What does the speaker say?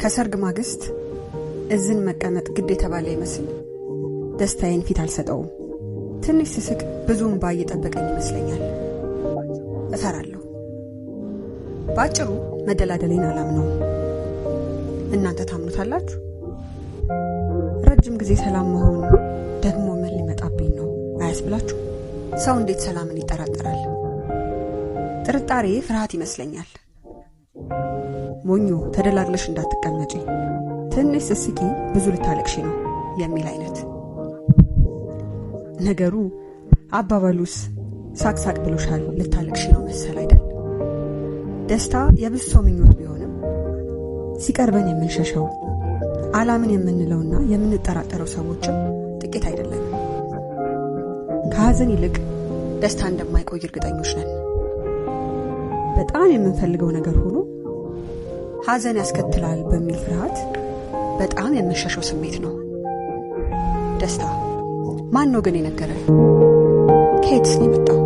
ከሰርግ ማግስት እዝን መቀመጥ ግድ የተባለ ይመስል ደስታዬን ፊት አልሰጠውም። ትንሽ ስስቅ ብዙም እምባ እየጠበቀኝ ይመስለኛል። እፈራለሁ። በአጭሩ መደላደሌን ነው። እናንተ ታምኑታላችሁ? ረጅም ጊዜ ሰላም መሆኑ ደግሞ ምን ሊመጣብኝ ነው አያስብላችሁ? ሰው እንዴት ሰላምን ይጠራጠራል? ጥርጣሬ ፍርሃት ይመስለኛል። ሞኞ ተደላግለሽ እንዳትቀመጪ ትንሽ ስስቂ ብዙ ልታለቅሺ ነው የሚል አይነት ነገሩ። አባባሉስ ሳቅሳቅ ብሎሻል ልታለቅሺ ነው መሰል አይደል? ደስታ የብዙ ሰው ምኞት ቢሆንም ሲቀርበን የምንሸሸው አላምን የምንለውና የምንጠራጠረው ሰዎችም ጥቂት አይደለም። ከሀዘን ይልቅ ደስታ እንደማይቆይ እርግጠኞች ነን። በጣም የምንፈልገው ነገር ሆኖ ሐዘን ያስከትላል በሚል ፍርሃት በጣም የምንሸሸው ስሜት ነው ደስታ። ማን ነው ግን የነገረን? ከየትስ ነው የመጣው?